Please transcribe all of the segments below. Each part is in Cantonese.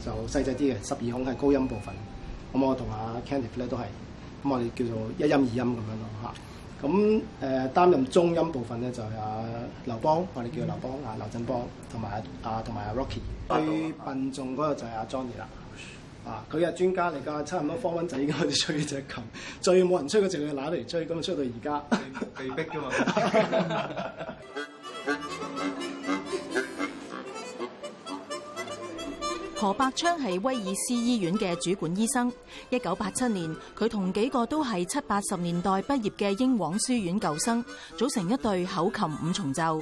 就細細啲嘅，十二孔係高音部分。咁我同阿 Kenneth 咧都係，咁我哋叫做一音二音咁樣咯嚇。咁誒、呃、擔任中音部分咧就係、是、阿、啊、劉邦，我哋叫劉邦啊劉振邦，同埋啊同埋啊 Rocky。啊 Rocky，最笨重嗰個就係阿 Johnny 啦、啊，啊佢係專家嚟㗎，差唔多 Form 1仔已經開始吹隻琴，最冇人吹佢淨係攞嚟吹，咁啊吹到而家。被逼㗎嘛。 何伯昌係威爾斯醫院嘅主管醫生。一九八七年，佢同幾個都係七八十年代畢業嘅英皇書院舊生，組成一對口琴五重奏。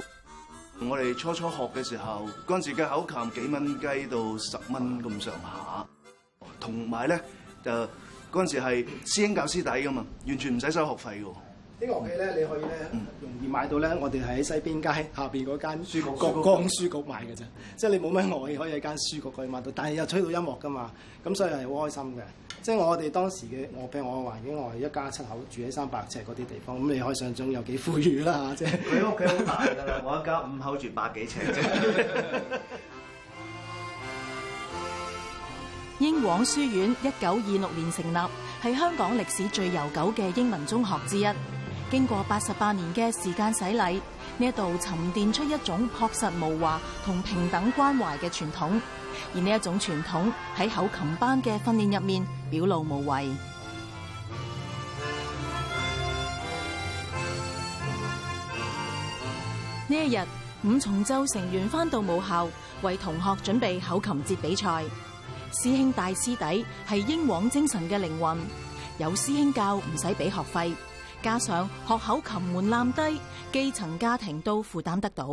我哋初初學嘅時候，嗰陣時嘅口琴幾蚊雞到十蚊咁上下，同埋咧就嗰陣時係師兄教師弟噶嘛，完全唔使收學費噶。呢個樂器咧，你可以咧容易買到咧。我哋喺西邊街下邊嗰間書局，光書局買嘅啫。即係你冇咩樂器，可以喺間書局可以買到。但係又吹到音樂㗎嘛，咁所以係好開心嘅。即係我哋當時嘅，我譬如我嘅環境，我係一家七口住喺三百尺嗰啲地方，咁你可以想像有幾富裕啦。即係。佢屋企好大㗎啦， 我一家五口住百幾尺啫。英皇書院一九二六年成立，係香港歷史最悠久嘅英文中學之一。經過八十八年嘅時間洗禮，呢一度沉澱出一種樸實無華同平等關懷嘅傳統。而呢一種傳統喺口琴班嘅訓練入面表露無遺。呢一日五重奏成員翻到母校，為同學準備口琴節比賽。師兄大師弟係英皇精神嘅靈魂，有師兄教唔使俾學費。加上學口琴門檻低，基層家庭都負擔得到。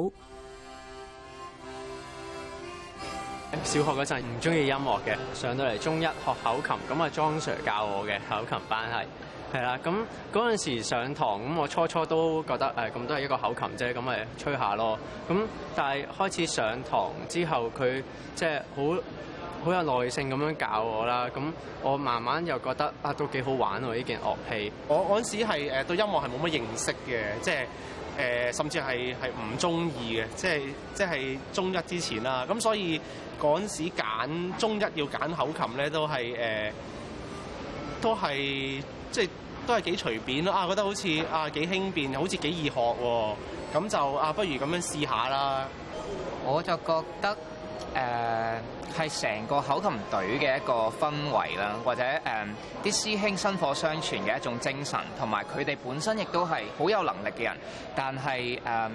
小學嗰陣唔中意音樂嘅，上到嚟中一學口琴，咁啊莊 sir 教我嘅口琴班係係啦。咁嗰陣時上堂咁，我初初都覺得誒，咁、哎、都係一個口琴啫，咁咪吹下咯。咁但係開始上堂之後，佢即係好。好有耐性咁樣教我啦，咁我慢慢又覺得啊，都幾好玩喎，呢件樂器。我嗰陣時係誒對音樂係冇乜認識嘅，即係誒、呃、甚至係係唔中意嘅，即係即係中一之前啦。咁所以嗰陣時揀中一要揀口琴咧，都係誒、呃、都係即係都係幾隨便咯。啊，覺得好似啊幾輕便，好似幾易學喎。咁就啊，不如咁樣試下啦。我就覺得。誒係成個口琴隊嘅一個氛圍啦，或者誒啲、呃、師兄薪火相傳嘅一種精神，同埋佢哋本身亦都係好有能力嘅人，但係誒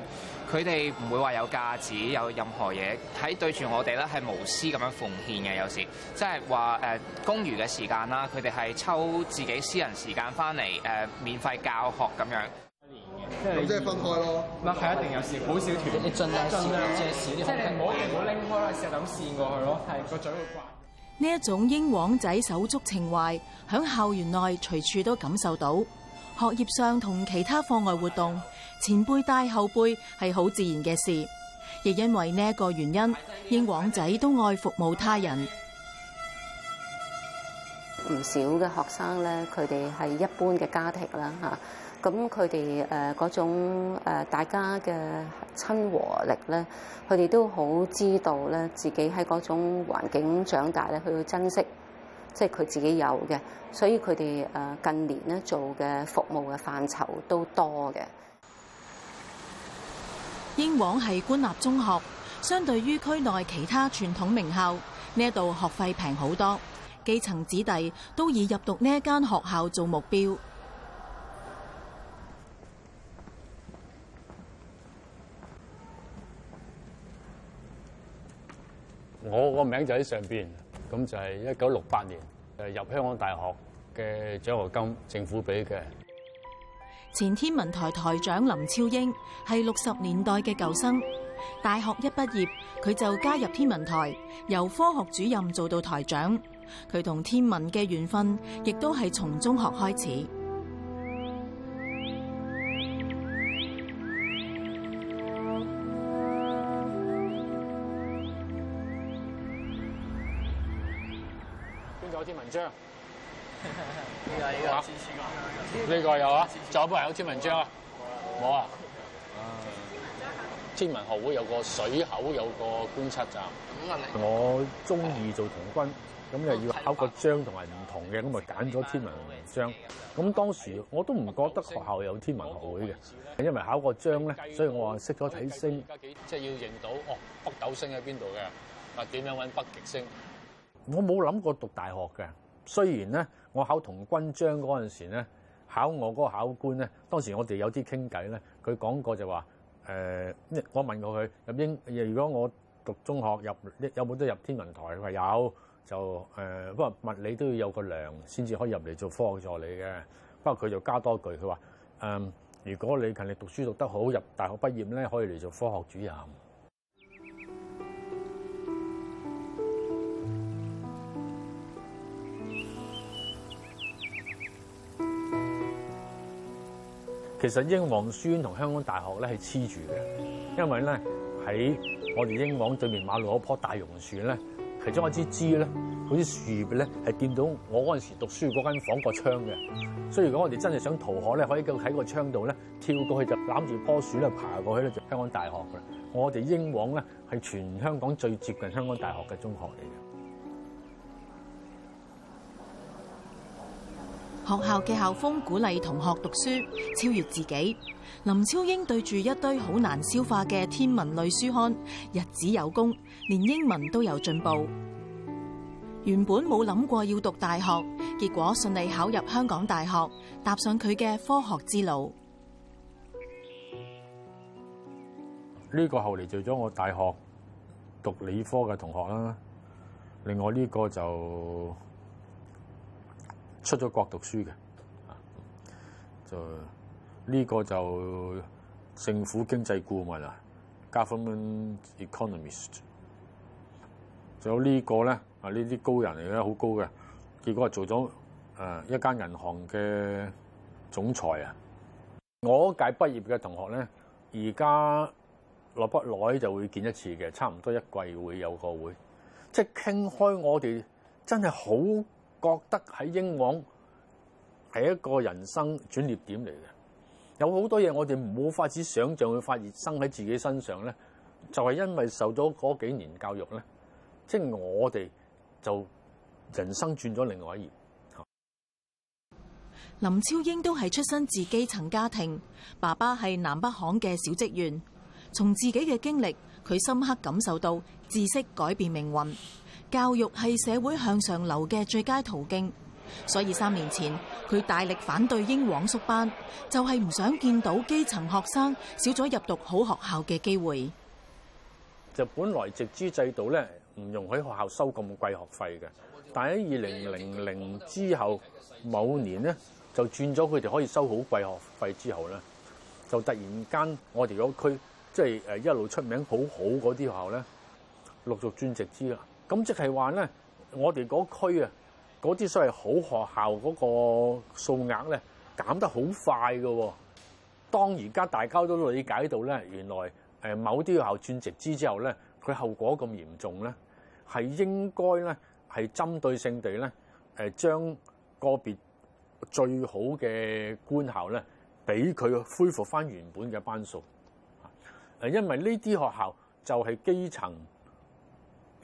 佢哋唔會話有架子，有任何嘢喺對住我哋咧，係無私咁樣奉獻嘅，有時即係話誒公餘嘅時間啦，佢哋係抽自己私人時間翻嚟誒免費教學咁樣。即係分開咯，唔係，一定有時好少斷，你盡量少啲，即係唔好唔好拎開咯，試下咁試，試過去咯，係個嘴會掛。呢一種英皇仔手足情懷，響校園內隨處都感受到。學業上同其他課外活動，前輩帶後輩係好自然嘅事。亦因為呢一個原因，英皇仔都愛服務他人。唔少嘅學生咧，佢哋係一般嘅家庭啦，嚇。咁佢哋誒嗰種誒大家嘅親和力咧，佢哋都好知道咧，自己喺嗰種環境長大咧，佢要珍惜，即係佢自己有嘅，所以佢哋誒近年咧做嘅服務嘅範疇都多嘅。英皇係官立中學，相對於區內其他傳統名校，呢一度學費平好多，基層子弟都以入讀呢一間學校做目標。我個名就喺上邊，咁就係一九六八年入香港大學嘅獎學金，政府俾嘅。前天文台台長林超英係六十年代嘅舊生，大學一畢業佢就加入天文台，由科學主任做到台長。佢同天文嘅緣分亦都係從中學開始。張呢個有啊，仲有冇人考天文章啊？冇啊。天文學會有個水口有個觀察站。我中意做童軍，咁又要考個章同埋唔同嘅，咁咪揀咗天文章。咁當時我都唔覺得學校有天文學會嘅，因為考個章咧，所以我啊識咗睇星。即係要認到哦，北斗星喺邊度嘅，嗱，點樣搵北極星？我冇諗過讀大學嘅。雖然咧，我考童軍章嗰陣時咧，考我嗰個考官咧，當時我哋有啲傾偈咧，佢講過就話誒，我問過佢入英，如果我讀中學入有冇得入天文台？佢話有就誒，不過，呃，物理都要有個良先至可以入嚟做科學助理嘅。不過佢就加多句，佢話誒，如果你勤力讀書讀得好，入大學畢業咧，可以嚟做科學主任。其實英皇書院同香港大學咧係黐住嘅，因為咧喺我哋英皇對面馬路嗰棵大榕樹咧，其中一支枝咧，嗰啲樹葉咧係見到我嗰陣時讀書嗰間房個窗嘅，所以如果我哋真係想逃學咧，可以喺個窗度咧跳過去就攬住棵樹咧爬過去咧就香港大學啦。我哋英皇咧係全香港最接近香港大學嘅中學嚟嘅。學校嘅校風鼓勵同學讀書超越自己。林超英對住一堆好難消化嘅天文類書刊，日子有功，連英文都有進步。原本冇諗過要讀大學，結果順利考入香港大學，踏上佢嘅科學之路。呢個後嚟做咗我大學讀理科嘅同學啦。另外呢個就。.出咗國讀書嘅，就呢個就政府經濟顧問啊了 government economist。仲有呢個咧啊，呢啲高人嚟嘅，好高嘅，結果做咗誒、呃、一間銀行嘅總裁啊！我屆畢業嘅同學咧，而家耐不耐就會見一次嘅，差唔多一季會有個會，即係傾開我哋真係好。覺得喺英皇係一個人生轉捩點嚟嘅，有好多嘢我哋冇法子想像，去發現生喺自己身上咧，就係因為受咗嗰幾年教育咧，即係我哋就人生轉咗另外一頁。林超英都係出身自基層家庭，爸爸係南北行嘅小職員。從自己嘅經歷，佢深刻感受到知識改變命運。教育係社會向上流嘅最佳途徑，所以三年前佢大力反對英皇縮班，就係唔想見到基層學生少咗入讀好學校嘅機會。就本來直資制度咧，唔容許學校收咁貴學費嘅。但喺二零零零之後某年呢，就轉咗佢哋可以收好貴學費之後咧，就突然間我哋嗰區即係誒一路出名好好嗰啲學校咧，陸續轉直資啦。咁即係話咧，我哋嗰區啊，嗰啲所謂好學校嗰個數額咧，減得好快嘅。當而家大家都理解到咧，原來誒某啲學校轉直資之後咧，佢後果咁嚴重咧，係應該咧係針對性地咧誒將個別最好嘅官校咧，俾佢恢復返原本嘅班數。誒，因為呢啲學校就係基層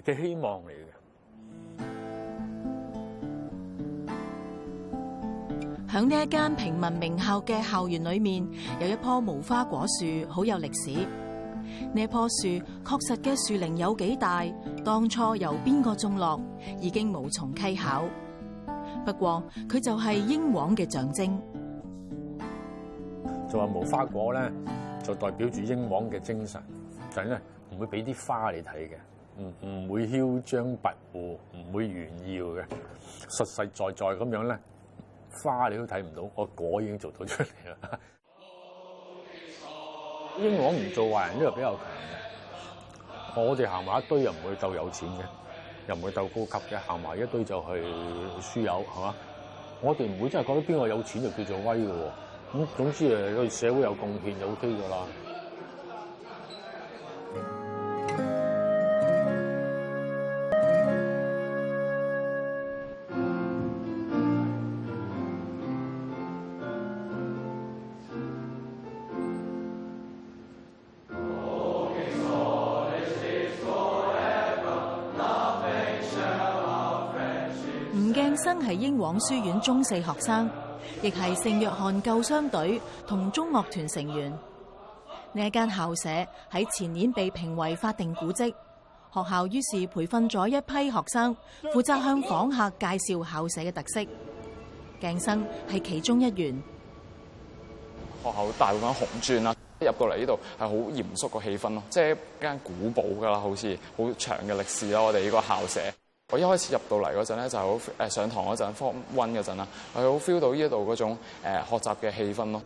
嘅希望嚟嘅，喺呢一間平民名校嘅校園裏面，有一棵無花果樹，好有歷史。呢一棵樹確實嘅樹齡有幾大，當初由邊個種落已經無從稽考。不過佢就係英皇嘅象徵。就話無花果咧，就代表住英皇嘅精神，就係咧唔會俾啲花你睇嘅。唔唔會囂張跋扈，唔會炫耀嘅，實實在在咁樣咧，花你都睇唔到，我果已經做到出嚟啦。英皇唔做壞人，呢個比較強嘅。我哋行埋一堆又唔會鬥有錢嘅，又唔會鬥高級嘅，行埋一堆就係書友，係嘛？我哋唔會真係覺得邊個有錢就叫做威嘅喎。咁總之誒，對社會有貢獻就 OK 㗎啦。係英皇書院中四學生，亦係聖約翰救傷隊同中樂團成員。呢間校舍喺前年被評為法定古蹟，學校於是培訓咗一批學生，負責向訪客介紹校舍嘅特色。鏡生係其中一員。學校大部分紅磚啦，入到嚟呢度係好嚴肅，個氣氛咯，即係間古堡噶啦，好似好長嘅歷史啦，我哋呢個校舍。我一開始入到嚟嗰陣咧，就好誒上堂嗰陣，form one 嗰陣啊，係好 feel 到呢一度嗰種誒學習嘅氣氛咯。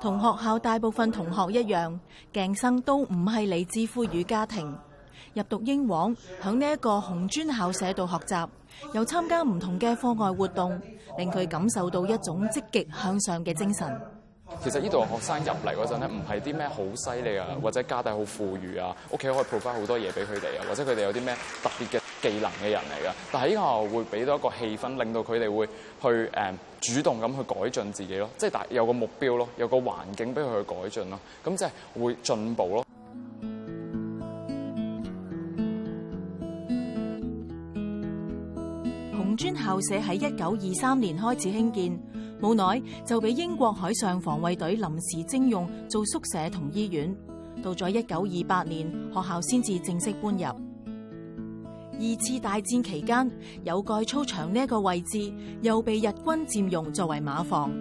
同學校大部分同學一樣，鏡生都唔係嚟自富裕家庭，入讀英皇響呢一個紅磚校舍度學習，又參加唔同嘅課外活動，令佢感受到一種積極向上嘅精神。其實呢度學生入嚟嗰陣咧，唔係啲咩好犀利啊，或者家底好富裕啊，屋企可以 provide 好多嘢俾佢哋啊，或者佢哋有啲咩特別嘅技能嘅人嚟噶。但係呢個會俾到一個氣氛，令到佢哋會去誒主動咁去改進自己咯，即係大有個目標咯，有個環境俾佢去改進咯，咁即係會進步咯。紅磚校舍喺一九二三年開始興建。冇耐就俾英國海上防衛隊臨時徵用做宿舍同醫院。到咗一九二八年，學校先至正式搬入。二次大戰期間，有蓋操場呢一個位置又被日軍佔用作為馬房。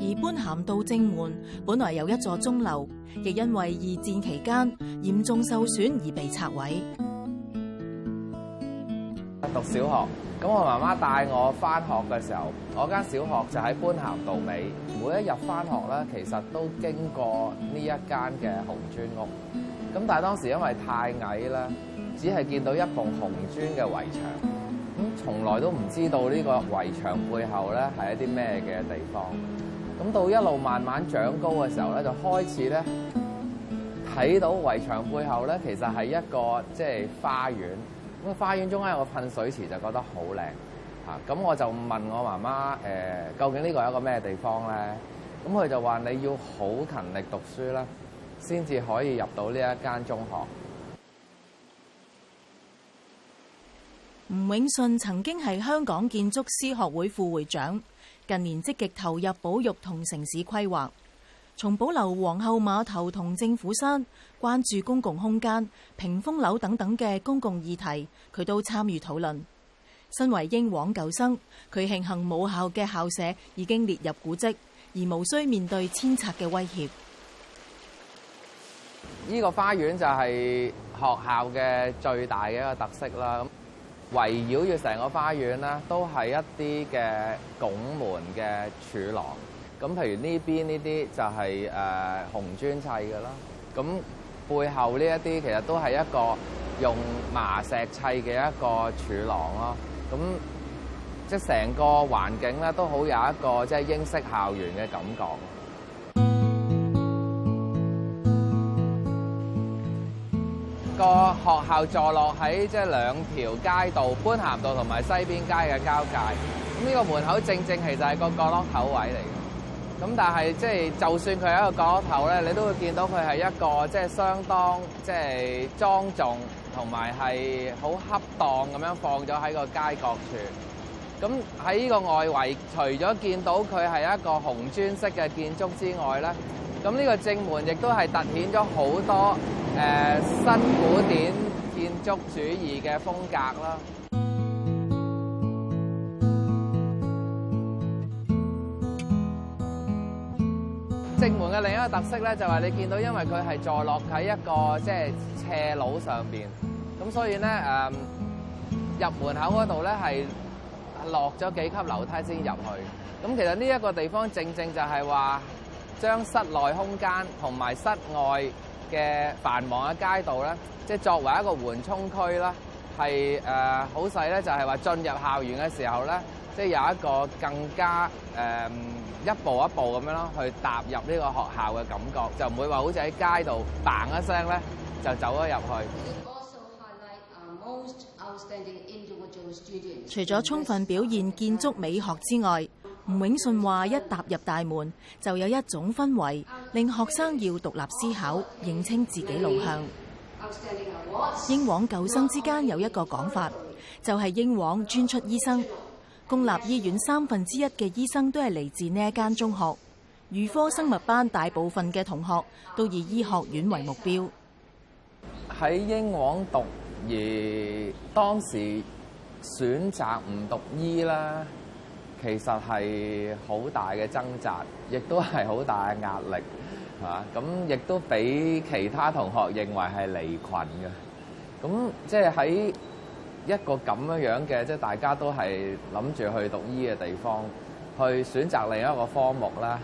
而般咸道正門本來有一座鐘樓，亦因為二戰期間嚴重受損而被拆毀。讀小學。咁我媽媽帶我翻學嘅時候，我間小學就喺般咸道尾。每一日翻學咧，其實都經過呢一間嘅紅磚屋。咁但係當時因為太矮啦，只係見到一幢紅磚嘅圍牆。咁從來都唔知道呢個圍牆背後咧係一啲咩嘅地方。咁到一路慢慢長高嘅時候咧，就開始咧睇到圍牆背後咧，其實係一個即係、就是、花園。個花園中間有個噴水池，就覺得好靚嚇。咁我就問我媽媽誒、欸，究竟呢個係一個咩地方咧？咁佢就話：你要好勤力讀書啦，先至可以入到呢一間中學。吳永順曾經係香港建築師學會副會長，近年積極投入保育同城市規劃。從保留皇后碼頭同政府山、關注公共空間、屏風樓等等嘅公共議題，佢都參與討論。身為英皇舊生，佢慶幸母校嘅校舍已經列入古蹟，而無需面對遷拆嘅威脅。呢個花園就係學校嘅最大嘅一個特色啦。咁圍繞住成個花園咧，都係一啲嘅拱門嘅柱廊。咁譬如呢邊呢啲就係、是、誒、呃、紅磚砌嘅啦，咁背後呢一啲其實都係一個用麻石砌嘅一個柱廊咯，咁即係成個環境咧都好有一個即係英式校園嘅感覺。 個學校坐落喺即係兩條街道——般咸道同埋西邊街嘅交界。咁呢個門口正正其實就係個角落頭位嚟。咁但係即係，就算佢喺一個角落頭咧，你都會見到佢係一個即係相當即係莊重同埋係好恰當咁樣放咗喺個街角處。咁喺呢個外圍，除咗見到佢係一個紅磚式嘅建築之外咧，咁呢個正門亦都係突顯咗好多、呃、新古典建築主義嘅風格啦。另一個特色咧，就係、是、你見到，因為佢係坐落喺一個即係、就是、斜路上邊，咁所以咧誒入門口嗰度咧係落咗幾級樓梯先入去。咁其實呢一個地方正正就係話將室內空間同埋室外嘅繁忙嘅街道咧，即、就、係、是、作為一個緩衝區啦，係誒好細咧，就係話進入校園嘅時候咧。即係有一個更加、嗯、一步一步咁樣咯，去踏入呢個學校嘅感覺，就唔會話好似喺街度嘭一聲咧就走咗入去。除咗充分表現建築美學之外，吳永順話：一踏入大門，就有一種氛圍，令學生要獨立思考，認清自己路向。英皇舊生之間有一個講法，就係、是、英皇專出醫生。公立醫院三分之一嘅醫生都係嚟自呢一間中學，預科生物班大部分嘅同學都以醫學院為目標。喺英皇讀而當時選擇唔讀醫啦，其實係好大嘅掙扎，亦都係好大嘅壓力，係咁亦都俾其他同學認為係離群嘅。咁即係喺一個咁樣樣嘅，即係大家都係諗住去讀醫嘅地方，去選擇另一個科目啦。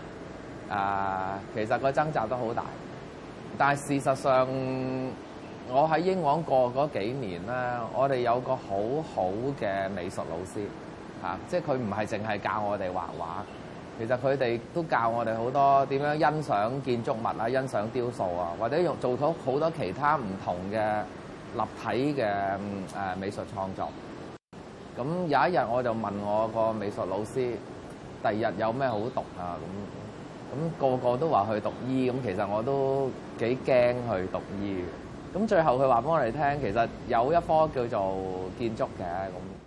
啊，其實個掙扎都好大。但係事實上，我喺英皇過嗰幾年啦，我哋有個好好嘅美術老師，嚇、即係佢唔係淨係教我哋畫畫，其實佢哋都教我哋好多點樣欣賞建築物啊、欣賞雕塑啊，或者用做到好多其他唔同嘅。立體嘅誒美術創作，咁有一日我就問我個美術老師，第二日有咩好讀啊？咁咁、那個個都話去讀醫，咁其實我都幾驚去讀醫嘅。咁最後佢話畀我哋聽，其實有一科叫做建築嘅咁。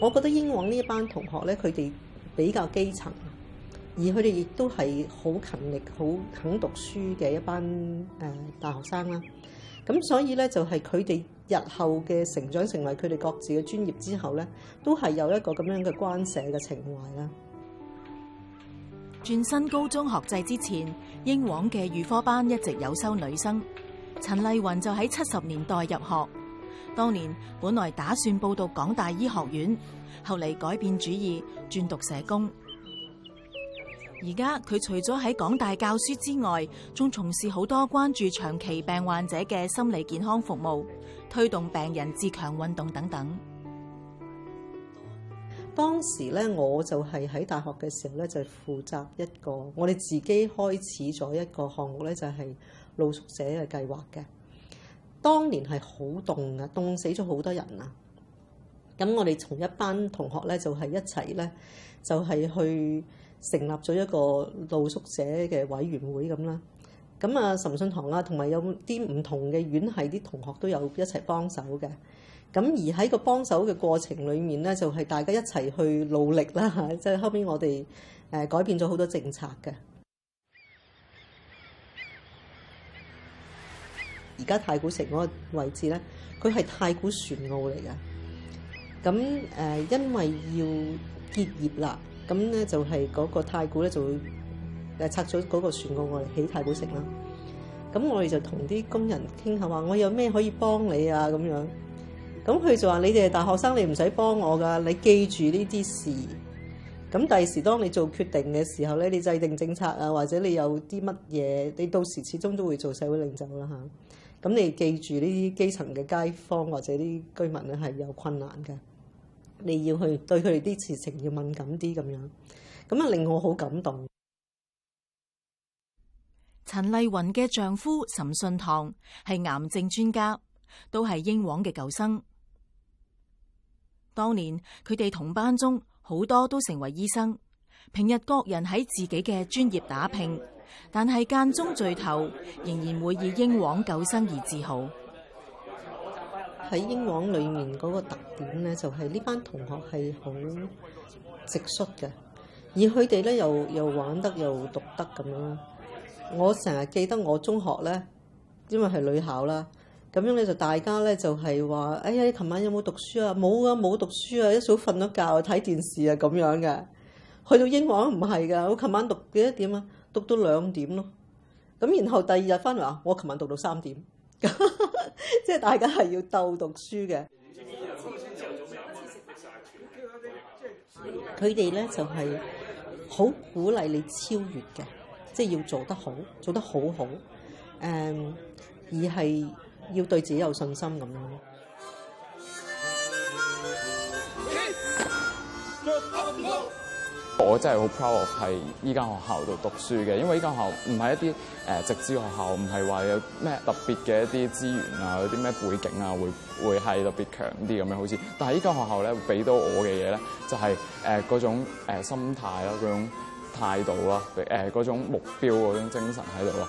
我覺得英皇呢一班同學咧，佢哋比較基層，而佢哋亦都係好勤力、好肯讀書嘅一班誒大學生啦。咁所以咧，就係佢哋日後嘅成長，成為佢哋各自嘅專業之後咧，都係有一個咁樣嘅關社嘅情懷啦。轉新高中學制之前，英皇嘅預科班一直有收女生。陳麗雲就喺七十年代入學。當年本來打算報讀港大醫學院，後來改變主意，轉讀社工。而家佢除咗喺港大教書之外，仲從事好多關注長期病患者嘅心理健康服務，推動病人自強運動等等。當時咧，我就係喺大學嘅時候咧，就負責一個我哋自己開始咗一個項目咧，就係露宿者嘅計劃嘅。當年係好凍啊，凍死咗好多人啊！咁我哋同一班同學咧，就係一齊咧，就係去成立咗一個露宿者嘅委員會咁啦。咁啊，岑信堂啦，同埋有啲唔同嘅院系啲同學都有一齊幫手嘅。咁而喺個幫手嘅過程裡面咧，就係大家一齊去努力啦。即係後邊我哋誒改變咗好多政策嘅。而家太古城嗰個位置咧，佢係太古船澳嚟噶。咁誒、呃，因為要結業啦，咁咧就係嗰個太古咧就會誒拆咗嗰個船澳，我嚟起太古城啦。咁我哋就同啲工人傾下話，我有咩可以幫你啊？咁樣咁佢就話：你哋係大學生，你唔使幫我噶。你記住呢啲事，咁第時當你做決定嘅時候咧，你制定政策啊，或者你有啲乜嘢，你到時始終都會做社會領袖啦、啊。嚇！咁你記住呢啲基層嘅街坊或者啲居民咧係有困難嘅，你要去對佢哋啲事情要敏感啲咁樣，咁啊令我好感動。陳麗雲嘅丈夫岑信棠係癌症專家，都係英皇嘅舊生。當年佢哋同班中好多都成為醫生，平日各人喺自己嘅專業打拼。但係間中聚頭，仍然會以英皇舊生而自豪。喺英皇裏面嗰個特點咧，就係呢班同學係好直率嘅，而佢哋咧又又玩得又讀得咁樣。我成日記得我中學咧，因為係女校啦，咁樣咧就大家咧就係話：哎呀，你琴晚有冇讀書啊？冇啊，冇讀書啊！一早瞓咗覺，睇電視啊，咁樣嘅。去到英皇唔係噶，我琴晚讀幾多點啊？讀到兩點咯，咁然後第二日翻嚟話：我琴晚讀到三點，即 係大家係要鬥讀書嘅。佢哋咧就係好鼓勵你超越嘅，即係要做得好，做得好好，誒，而係要對自己有信心咁樣。我真係好 proud of 係依間學校度讀書嘅，因為依間學校唔係一啲誒、呃、直資學校，唔係話有咩特別嘅一啲資源啊，有啲咩背景啊，會會係特別強啲咁樣。好似，但係依間學校咧會俾到我嘅嘢咧，就係誒嗰種、呃、心態啦、啊，嗰種態度啦、啊，誒、呃、嗰種目標嗰種精神喺度啦。